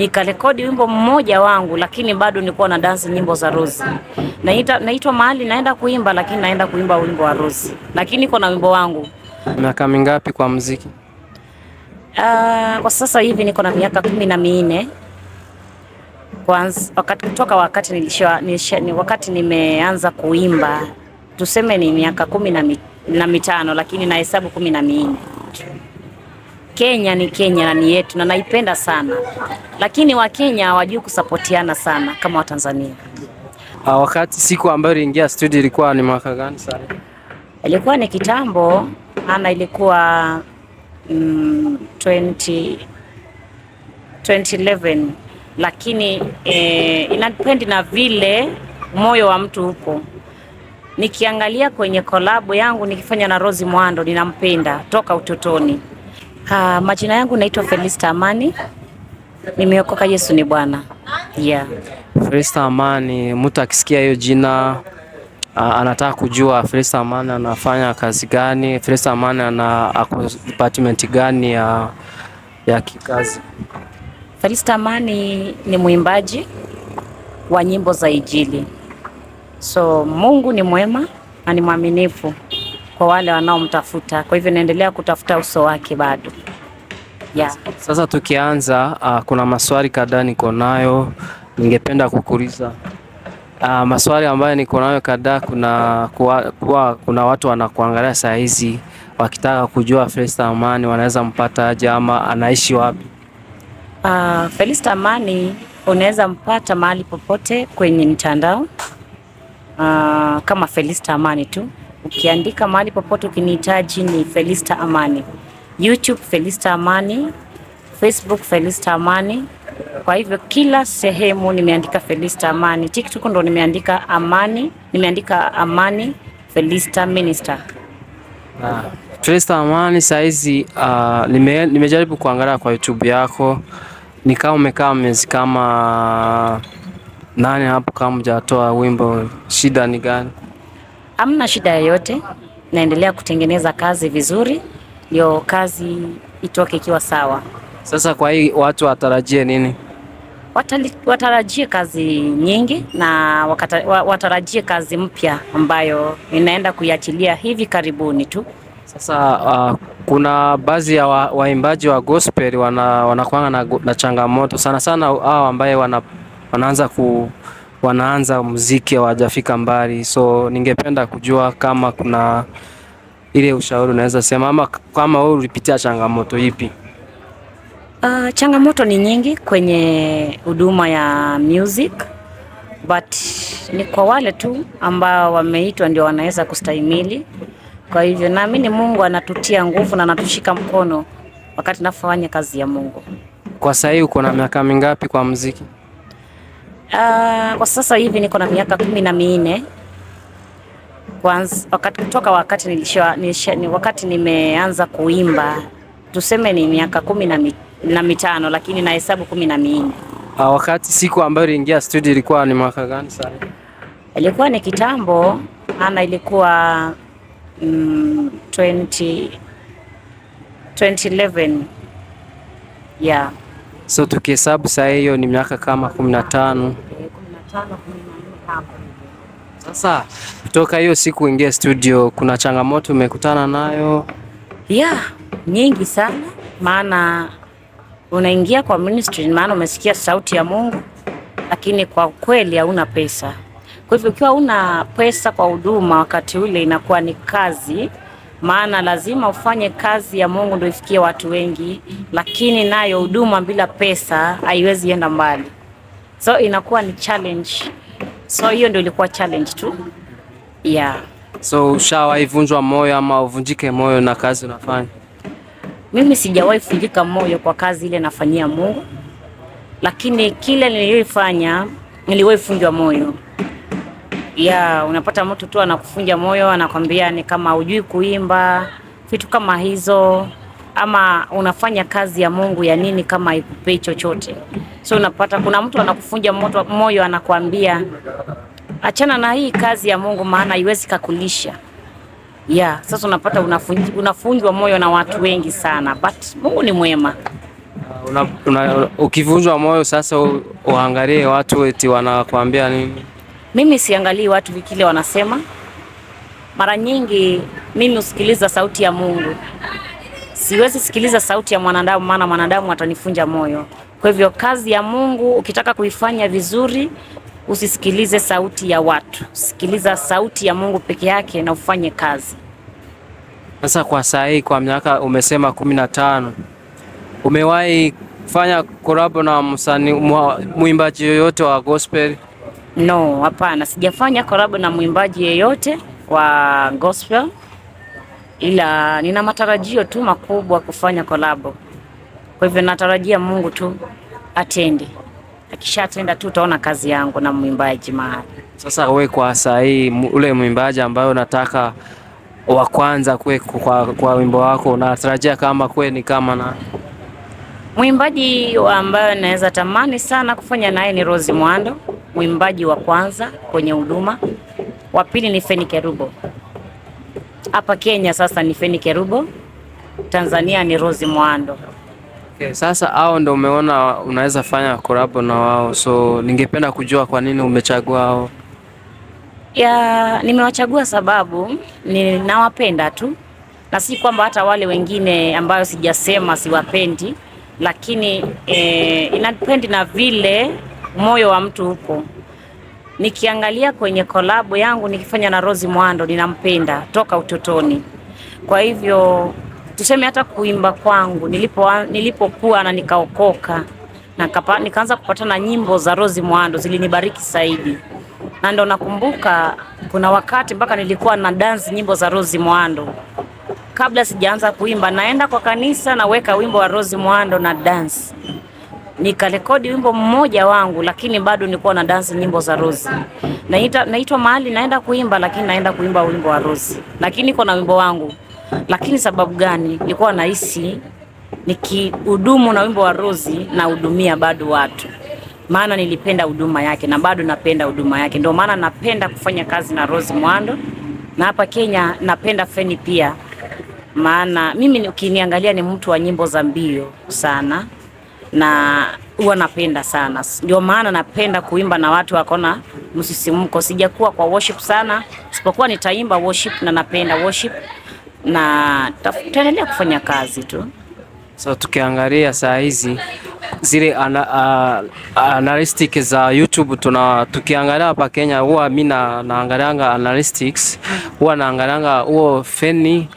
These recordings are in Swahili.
nikarekodi wimbo mmoja wangu, lakini bado nilikuwa na dansi nyimbo za Rose. Naita naitwa mahali naenda kuimba, lakini naenda kuimba wimbo wa Rose, lakini niko na wimbo wangu. Miaka mingapi kwa muziki? Uh, kwa sasa hivi niko na miaka kumi na minne kwanza wakati kutoka wakati nilisha, nilisha, ni wakati nimeanza kuimba tuseme ni miaka kumi na mitano, lakini nahesabu kumi na minne. Kenya ni Kenya na ni yetu na naipenda sana, lakini Wakenya hawajui kusapotiana sana kama Watanzania. Ah, wakati siku ambayo iliingia studio ilikuwa ni mwaka gani sana? Ilikuwa ni kitambo ana, ilikuwa mm, 20, 2011 lakini eh, inapendi na vile moyo wa mtu upo. Nikiangalia kwenye kolabo yangu nikifanya na Rose Muhando, ninampenda toka utotoni. Uh, majina yangu naitwa Felista Amani, nimeokoka. Yesu ni Bwana. Yeah. Felista Amani, mtu akisikia hiyo jina uh, anataka kujua Felista Amani anafanya kazi gani? Felista Amani ana ako department gani ya, ya kikazi? Felista Amani ni mwimbaji wa nyimbo za Injili. So Mungu ni mwema na ni mwaminifu kwa wale wanaomtafuta. Kwa hivyo naendelea kutafuta uso wake bado. Yeah. Sasa tukianza, uh, kuna maswali kadhaa niko nayo ningependa kukuuliza. Uh, maswali ambayo niko nayo kadhaa, kuna kuwa, kuwa, kuna watu wanakuangalia saa hizi wakitaka kujua felista Amani wanaweza mpata aje ama anaishi wapi? Uh, Felista Amani unaweza mpata mahali popote kwenye mtandao uh, kama felista Amani tu ukiandika mahali popote ukinihitaji ni Felista Amani, YouTube Felista Amani, Facebook Felista Amani. Kwa hivyo kila sehemu nimeandika Felista Amani. TikTok ndo nimeandika Amani, nimeandika Amani Felista Minister. Ah, Felista Amani saizi, uh, nime, nimejaribu kuangalia kwa YouTube yako nikawa umekaa miezi kama nane hapo kama hujatoa wimbo, shida ni gani? Amna shida yoyote, naendelea kutengeneza kazi vizuri, ndio kazi itoke ikiwa sawa. Sasa kwa hii watu watarajie nini? Watali, watarajie kazi nyingi na wakata, watarajie kazi mpya ambayo inaenda kuiachilia hivi karibuni tu. Sasa uh, kuna baadhi ya waimbaji wa gospel wanakuanga na, na changamoto sana sana hao ambaye wana, wanaanza ku wanaanza muziki hawajafika mbali, so ningependa kujua kama kuna ile ushauri unaweza sema, ama kama wewe ulipitia changamoto ipi? Uh, changamoto ni nyingi kwenye huduma ya music but ni kwa wale tu ambao wameitwa ndio wanaweza kustahimili. Kwa hivyo naamini Mungu anatutia nguvu na anatushika mkono wakati nafanya kazi ya Mungu. Kwa sasa hivi uko na miaka mingapi kwa muziki? Ah, kwa sasa hivi niko na miaka kumi na minne kwanza wakati, kutoka wakati nilisha, nilisha, ni wakati nimeanza kuimba tuseme ni miaka kumi na, mi, na mitano lakini nahesabu kumi na minne. Uh, wakati siku ambayo iliingia studio ilikuwa ni mwaka gani sana? Ilikuwa ni kitambo ana ilikuwa mm, 20, 2011 yeah. So tukihesabu saa hiyo ni miaka kama kumi na tano. Sasa kutoka hiyo siku ingia studio, kuna changamoto umekutana nayo? Yeah, nyingi sana, maana unaingia kwa ministry, maana umesikia sauti ya Mungu, lakini kwa kweli hauna pesa. Kwa hivyo ukiwa una pesa kwa huduma wakati ule inakuwa ni kazi maana lazima ufanye kazi ya Mungu ndio ifikie watu wengi, lakini nayo huduma bila pesa haiwezi enda mbali, so inakuwa ni challenge. So hiyo ndio ilikuwa challenge tu yeah. So ushawahi vunjwa moyo ama uvunjike moyo na kazi unafanya? Mimi sijawahi vunjika moyo kwa kazi ile nafanyia Mungu, lakini kile niliyoifanya niliwahi vunjwa moyo ya unapata mtu tu anakufunja moyo, anakwambia ni kama hujui kuimba, vitu kama hizo, ama unafanya kazi ya Mungu ya nini kama haikupei chochote. So unapata kuna mtu anakufunja moto, moyo anakwambia achana na hii kazi ya Mungu, maana haiwezi kakulisha ya sasa. Unapata unafunjwa moyo na watu wengi sana, but Mungu ni mwema. Ukivunjwa moyo sasa uangalie watu eti wanakuambia nini mimi siangalii watu vikile wanasema. Mara nyingi mimi husikiliza sauti ya Mungu. Siwezi sikiliza sauti ya mwanadamu, maana mwanadamu atanifunja moyo. Kwa hivyo kazi ya Mungu ukitaka kuifanya vizuri, usisikilize sauti ya watu, sikiliza sauti ya Mungu peke yake na ufanye kazi. Sasa kwa saa hii, kwa miaka umesema kumi na tano, umewahi fanya korabo na msanii mwimbaji yoyote wa gospel? No, hapana, sijafanya collab na mwimbaji yeyote wa gospel, ila nina matarajio tu makubwa kufanya collab. Kwa hivyo natarajia Mungu tu atende, atenda tu utaona kazi yangu na mwimbaji mahali. Sasa we kwa saa hii ule mwimbaji ambaye unataka wa kwanza kwe kwa, kwa wimbo wako unatarajia kama kwe ni kama na mwimbaji ambaye naweza tamani sana kufanya naye ni Rose mwando mwimbaji wa kwanza kwenye huduma, wa pili ni Feni Kerubo hapa Kenya, sasa ni Feni Kerubo, Tanzania ni Rose mwando Okay, sasa hao ndo umeona unaweza fanya kolabo na wao, so ningependa kujua kwa nini umechagua hao. Ya, nimewachagua sababu ninawapenda tu na si kwamba hata wale wengine ambayo sijasema siwapendi, lakini eh, inapendi na vile moyo wa mtu upo. Nikiangalia kwenye kolabu yangu nikifanya na Rose Muhando, ninampenda toka utotoni. Kwa hivyo tuseme hata kuimba kwangu nilipo nilipokuwa na nikaokoka na nikaanza kupatana nyimbo za Rose Muhando zilinibariki zaidi, na ndo nakumbuka kuna wakati mpaka nilikuwa na dance nyimbo za Rose Muhando kabla sijaanza kuimba, naenda kwa kanisa naweka wimbo wa Rose Muhando na dance nikarekodi wimbo mmoja wangu, lakini bado nilikuwa na dansi nyimbo za Rose. Naita naitwa mahali naenda kuimba, lakini naenda kuimba wimbo wa Rose, lakini niko na wimbo wangu. Lakini sababu gani? Nilikuwa nahisi nikihudumu na wimbo wa Rose na hudumia bado watu, maana nilipenda huduma yake na bado napenda huduma yake. Ndio maana napenda kufanya kazi na Rose Mwando na hapa Kenya napenda Feni pia, maana mimi ukiniangalia ni mtu wa nyimbo za mbio sana na huwa napenda sana, ndio maana napenda kuimba na watu wakona msisimko. Sijakuwa kwa worship sana, sipokuwa nitaimba worship na napenda worship na tutaendelea kufanya kazi tu. So tukiangalia saa hizi zile ana, uh, analytics za YouTube tuna tukiangalia hapa Kenya, huwa mimi na naangalianga analytics, huwa naangalianga huo feni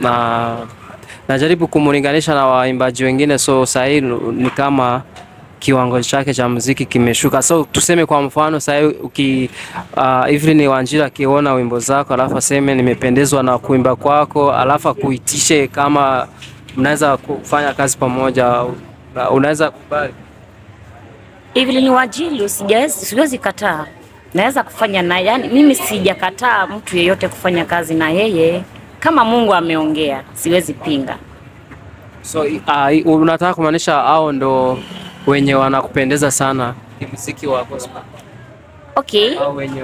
na najaribu kumlinganisha na waimbaji wengine, so sahii ni kama kiwango chake cha muziki kimeshuka. So tuseme kwa mfano sasa uki uh, Evelyn Wanjira akiona wimbo zako alafu aseme nimependezwa na kuimba kwako, alafu akuitishe kama mnaweza kufanya kazi pamoja, unaweza kubali? Evelyn Wanjira siwezi kataa, naweza kufanya naye, yani mimi sijakataa mtu yeyote kufanya kazi na yeye kama Mungu ameongea, siwezi pinga. So uh, unataka kumaanisha hao ndo wenye wanakupendeza sana muziki wa gospel? Okay. Wenye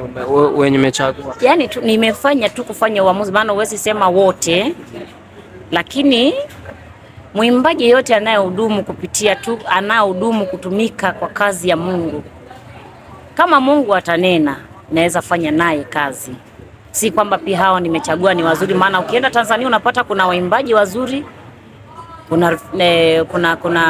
wenye umechagua. Yaani tu, nimefanya tu kufanya uamuzi, maana huwezi sema wote, lakini mwimbaji yote anayehudumu kupitia tu anayehudumu kutumika kwa kazi ya Mungu, kama Mungu atanena naweza fanya naye kazi, si kwamba pia hao nimechagua ni wazuri, maana ukienda Tanzania unapata kuna waimbaji wazuri kuna, eh, kuna, kuna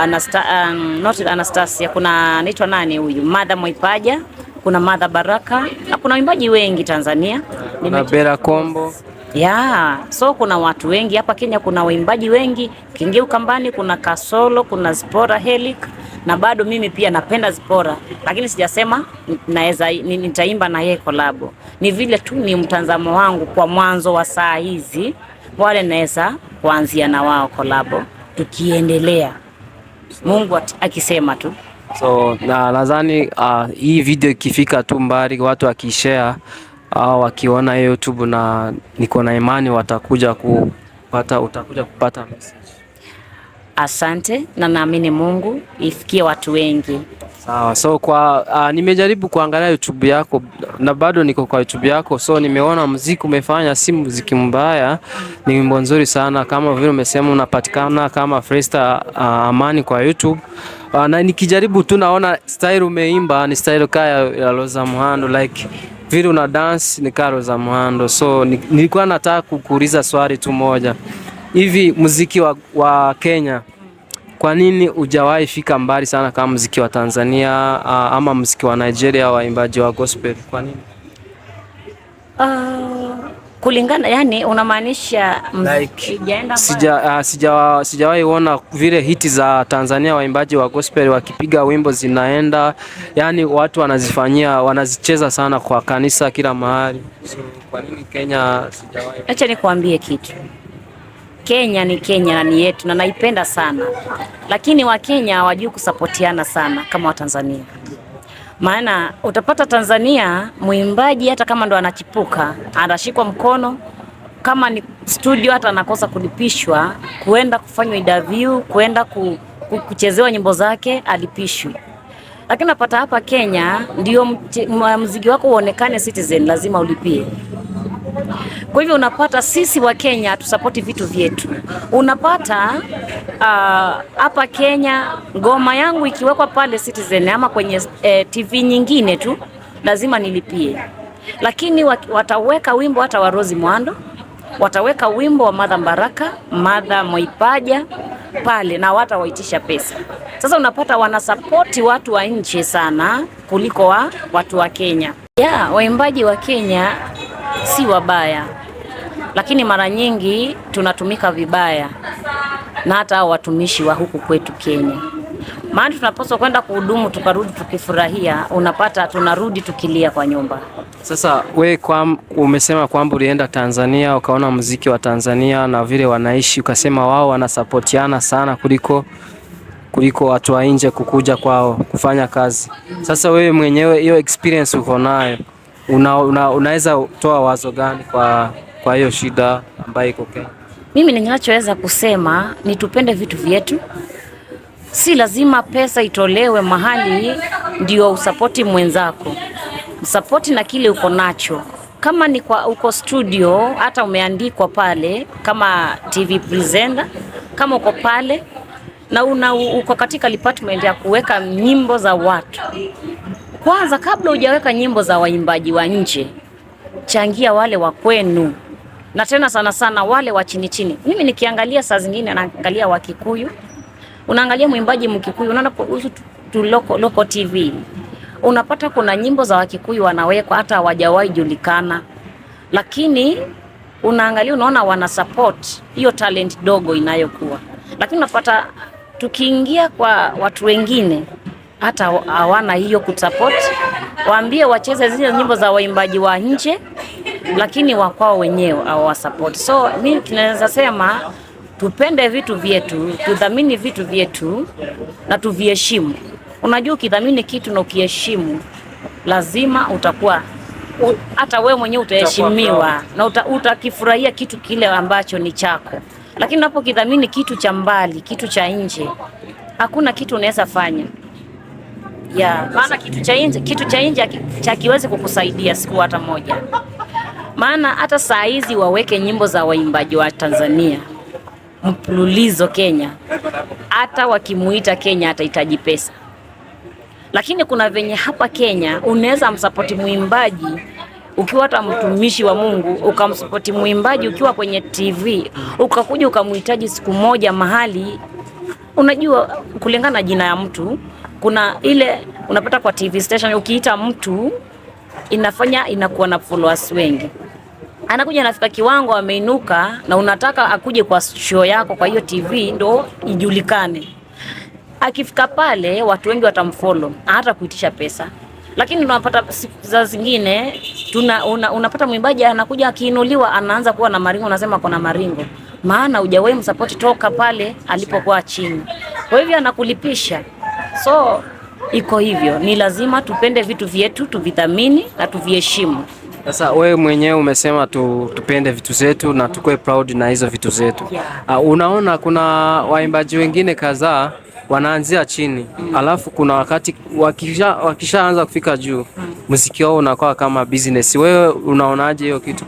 Anasta, um, not Anastasia, kuna anaitwa nani huyu Madha Mwaipaja, kuna Madha Baraka, kuna waimbaji wengi Tanzania, kuna Bella Kombo ya so kuna watu wengi hapa Kenya, kuna waimbaji wengi. Kingeuka mbali, kuna Kasolo, kuna Spora Helic na bado mimi pia napenda Zipora, lakini sijasema naweza nitaimba na yeye kolabo. Ni vile tu ni mtazamo wangu kwa mwanzo wa saa hizi, wale naweza kuanzia na wao kolabo tukiendelea, Mungu akisema tu. So na nadhani uh, hii video ikifika tu mbali, watu wakishare au ah, wakiona YouTube, na niko na imani watakuja kupata, utakuja kupata message. Asante na naamini Mungu ifikie watu wengi. Sawa, so kwa uh, nimejaribu kuangalia YouTube yako na bado niko kwa YouTube yako, so nimeona muziki umefanya, si muziki mbaya, ni wimbo nzuri sana, kama vile umesema unapatikana kama Freestyle uh, ah, Amani kwa YouTube uh, na nikijaribu tu naona style umeimba ni style kaya ya Roza Muhando like vile una dance ni kaya Roza Muhando, so nilikuwa nataka kukuuliza swali tu moja Hivi muziki wa, wa Kenya kwa nini hujawahi fika mbali sana kama muziki wa Tanzania uh, ama muziki wa Nigeria waimbaji wa gospel kwa nini? Uh, kulingana yani unamaanisha like, sija, uh, sija, sijawahi ona vile hiti za Tanzania waimbaji wa gospel wakipiga wimbo zinaenda, yani watu wanazifanyia wanazicheza sana kwa kanisa kila mahali. So, kwa nini Kenya sijawahi? Acha nikuambie kitu Kenya ni Kenya na ni yetu na naipenda sana, lakini Wakenya hawajui kusapotiana sana kama Watanzania. Maana utapata Tanzania mwimbaji hata kama ndo anachipuka anashikwa mkono, kama ni studio hata anakosa kulipishwa kuenda kufanywa interview, kuenda ku, ku, kuchezewa nyimbo zake alipishwi. Lakini napata hapa Kenya ndio mziki wako uonekane Citizen lazima ulipie. Kwa hivyo unapata sisi wa Kenya tusapoti vitu vyetu. Unapata uh, hapa uh, Kenya ngoma yangu ikiwekwa pale Citizen ama kwenye eh, TV nyingine tu lazima nilipie, lakini wataweka wimbo hata wa Rose Mwando, wataweka wimbo wa Madha Mbaraka, Madha Moipaja pale na watawaitisha pesa. Sasa unapata wanasapoti watu wa nje sana kuliko wa watu wa Kenya. Ya, waimbaji wa Kenya si wabaya, lakini mara nyingi tunatumika vibaya na hata watumishi wa huku kwetu Kenya. Maana tunapaswa kwenda kuhudumu, tukarudi tukifurahia, unapata tunarudi tukilia kwa nyumba. Sasa we kwa, umesema kwamba ulienda Tanzania ukaona muziki wa Tanzania na vile wanaishi, ukasema wao wanasapotiana sana kuliko kuliko watu wa nje kukuja kwao kufanya kazi. Sasa wewe mwenyewe hiyo experience uko nayo, una, unaweza toa wazo gani kwa kwa hiyo shida ambayo iko Kenya? Mimi ninachoweza kusema ni tupende vitu vyetu, si lazima pesa itolewe mahali ndio usapoti mwenzako support na kile uko nacho kama ni kwa uko studio, hata umeandikwa pale kama TV presenter, kama uko pale na una uko katika department ya kuweka nyimbo za watu, kwanza kabla hujaweka nyimbo za waimbaji wa nje, changia wale wa kwenu, na tena sana sana wale wa chini chini. Mimi nikiangalia saa zingine naangalia Wakikuyu, unaangalia mwimbaji Mkikuyu, unaona tu local local TV unapata kuna nyimbo za Wakikuyu wanawekwa hata hawajawahi julikana, lakini unaangalia unaona wana support hiyo talent dogo inayokuwa, lakini unapata tukiingia kwa watu wengine hata hawana hiyo kusupport, waambie wacheze zile nyimbo za waimbaji wa nje, lakini wakwao wenyewe hawasupport. So mimi tunaweza sema tupende vitu vyetu, tudhamini vitu vyetu na tuviheshimu. Unajua, ukidhamini kitu na ukiheshimu, lazima utakuwa hata wewe mwenyewe utaheshimiwa na uta, utakifurahia kitu kile ambacho ni chako. Lakini unapokidhamini kitu cha mbali, kitu cha nje, hakuna kitu unaweza fanya ya maana, kitu cha nje, kitu cha nje cha kiwezi kukusaidia siku hata moja. Maana hata saa hizi waweke nyimbo za waimbaji wa Tanzania mpululizo Kenya, hata wakimuita Kenya atahitaji pesa lakini kuna venye hapa Kenya unaweza msapoti mwimbaji ukiwa hata mtumishi wa Mungu ukamsapoti mwimbaji ukiwa kwenye TV ukakuja ukamhitaji siku moja mahali, unajua kulingana na jina ya mtu, kuna ile unapata kwa TV station, ukiita mtu inafanya inakuwa na followers wengi, anakuja anafika kiwango, ameinuka na unataka akuje kwa show yako, kwa hiyo TV ndo ijulikane akifika pale watu wengi watamfollow hata kuitisha pesa. Lakini unapata za zingine tuna, una, unapata mwimbaji anakuja akiinuliwa anaanza kuwa na maringo, unasema kuna maringo, maana hujawahi msupport toka pale alipokuwa chini, kwa hivyo anakulipisha. So iko hivyo, ni lazima tupende vitu vyetu, tuvidhamini na tuviheshimu. Sasa wewe mwenyewe umesema tu, tupende vitu zetu na tukue proud na hizo vitu zetu. Yeah. Uh, unaona kuna waimbaji wengine kadhaa wanaanzia chini mm. Alafu kuna wakati wakishaanza wakisha kufika juu mm. Muziki wao unakuwa kama business. Wewe unaonaje hiyo kitu?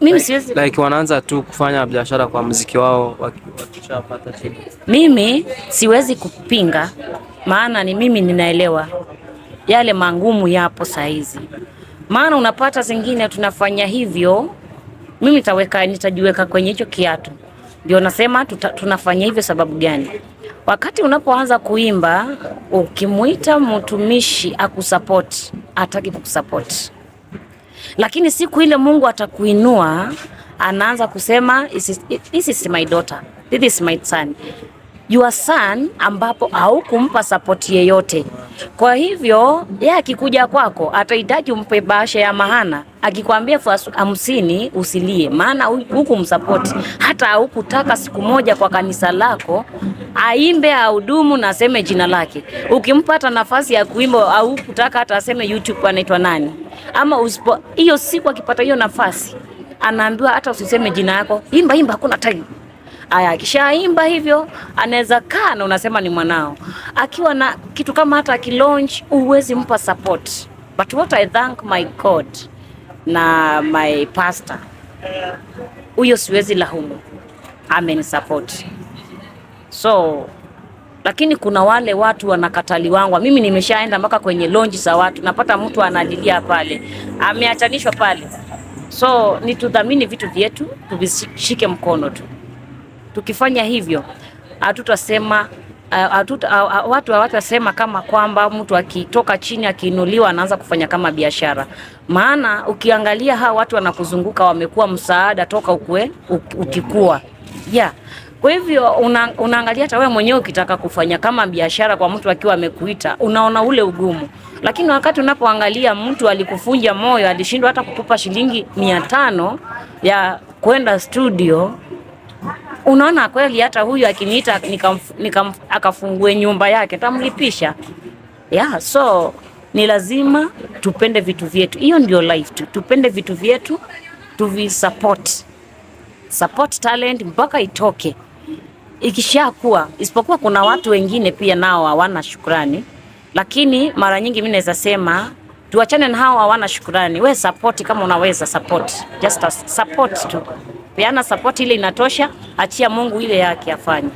Mimi siwezi like wanaanza tu kufanya biashara kwa muziki wao wakishapata chini. Mimi siwezi kupinga, maana ni mimi ninaelewa yale mangumu yapo sahizi maana unapata zingine tunafanya hivyo. Mimi nitaweka nitajiweka kwenye hicho kiatu, ndio nasema tuta, tunafanya hivyo sababu gani? Wakati unapoanza kuimba, ukimwita mtumishi akusapoti, ataki kukusapoti, lakini siku ile Mungu atakuinua, anaanza kusema this is my daughter, this is my son your son, ambapo haukumpa sapoti yeyote. Kwa hivyo yeye akikuja kwako atahitaji umpe bahasha ya mahana akikwambia elfu hamsini usilie, maana huku msapoti hata hukutaka siku moja kwa kanisa lako aimbe ahudumu na aseme jina lake. Ukimpata nafasi ya kuimba au hukutaka hata aseme YouTube anaitwa nani, ama usipo hiyo siku akipata hiyo nafasi anaambiwa hata usiseme jina yako, imba imba, hakuna time. Aya, akishaimba hivyo anaweza kaa na unasema ni mwanao. Akiwa na kitu kama hata akilaunch, huwezi mpa support, but what I thank my God na my pastor, huyo siwezi lahumu, amenisupport so lakini kuna wale watu wanakataliwangwa. Mimi nimeshaenda mpaka kwenye lonji za watu, napata mtu analilia pale, ameachanishwa pale. So ni tudhamini vitu vyetu, tuvishike mkono tu. Tukifanya hivyo, hatutasema Eh, watu hawatasema kama kwamba mtu akitoka chini akiinuliwa anaanza kufanya kama biashara. Maana ukiangalia hawa watu wanakuzunguka wamekuwa msaada toka ukue ukikua, yeah. Kwa hivyo una, unaangalia hata wewe mwenyewe ukitaka kufanya kama biashara kwa mtu akiwa amekuita, unaona ule ugumu, lakini wakati unapoangalia mtu alikufunja moyo, alishindwa hata kukupa shilingi mia tano ya kwenda studio Unaona, kweli hata huyu akiniita akafungue nyumba yake tamlipisha ya yeah, so ni lazima tupende vitu vyetu. Hiyo ndio life tu, tupende vitu vyetu, tuvisupport support talent mpaka itoke ikishakuwa. Isipokuwa kuna watu wengine pia nao hawana shukrani, lakini mara nyingi mimi naweza sema tuachane na hao hawana shukrani. We support kama unaweza support, just support tu peana support ile inatosha, achia Mungu ile yake afanye.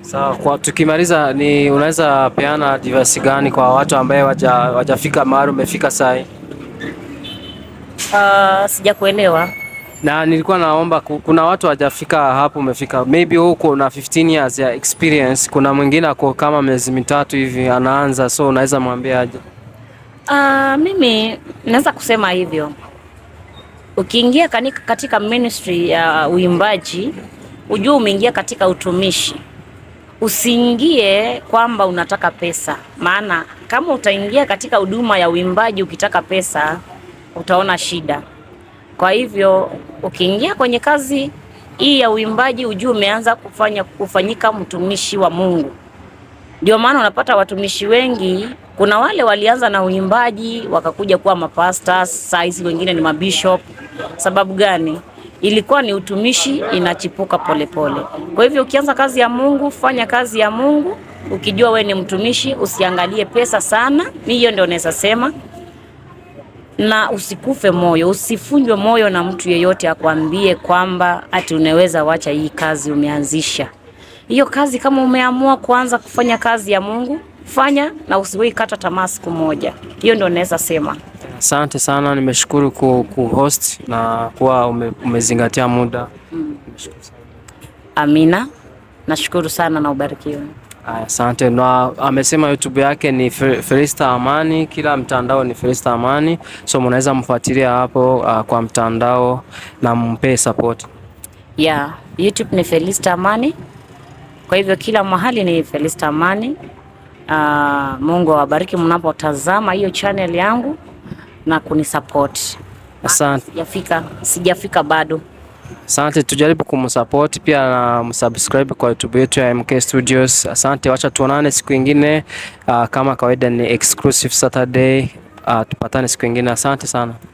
Sawa, kwa tukimaliza ni unaweza peana advice gani kwa watu ambaye wajafika waja mahali umefika sai? Uh, sijakuelewa. Na nilikuwa naomba kuna watu wajafika hapo umefika. Maybe huko na 15 years ya experience, kuna mwingine ako kama miezi mitatu hivi anaanza, so unaweza mwambia aje? Uh, mimi naweza kusema hivyo Ukiingia katika ministry ya uh, uimbaji, ujue umeingia katika utumishi. Usiingie kwamba unataka pesa, maana kama utaingia katika huduma ya uimbaji ukitaka pesa utaona shida. Kwa hivyo ukiingia kwenye kazi hii ya uimbaji, ujue umeanza kufanya kufanyika mtumishi wa Mungu. Ndio maana unapata watumishi wengi kuna wale walianza na uimbaji wakakuja kuwa mapastors, saizi wengine ni mabishop. Sababu gani? Ilikuwa ni utumishi inachipuka polepole pole. Kwa hivyo ukianza kazi ya Mungu, fanya kazi ya Mungu ukijua we ni mtumishi, usiangalie pesa sana. Mimi hiyo ndio naweza sema, na usikufe moyo, usifunjwe moyo na mtu yeyote akwambie kwamba ati unaweza wacha hii kazi umeanzisha. Hiyo kazi kama umeamua kuanza kufanya kazi ya Mungu fanya na usiwahi kata tamaa siku moja. Hiyo ndio naweza sema. Asante sana, nimeshukuru ku, ku host na kuwa ume, umezingatia muda mm. Amina, nashukuru sana na ubarikiwe. Asante. Na amesema YouTube yake ni Felista Amani, kila mtandao ni Felista Amani, so mnaweza mfuatilia hapo uh, kwa mtandao na mpe support. Yeah, YouTube ni Felista Amani, kwa hivyo kila mahali ni Felista Amani. Uh, Mungu awabariki mnapotazama hiyo channel yangu na kunisupport. Asante. Sijafika, sijafika bado. Asante, tujaribu kumsupport pia na msubscribe kwa YouTube yetu ya MK Studios. Asante, wacha tuonane siku ingine. Uh, kama kawaida ni exclusive Saturday. Uh, tupatane siku ingine. Asante sana.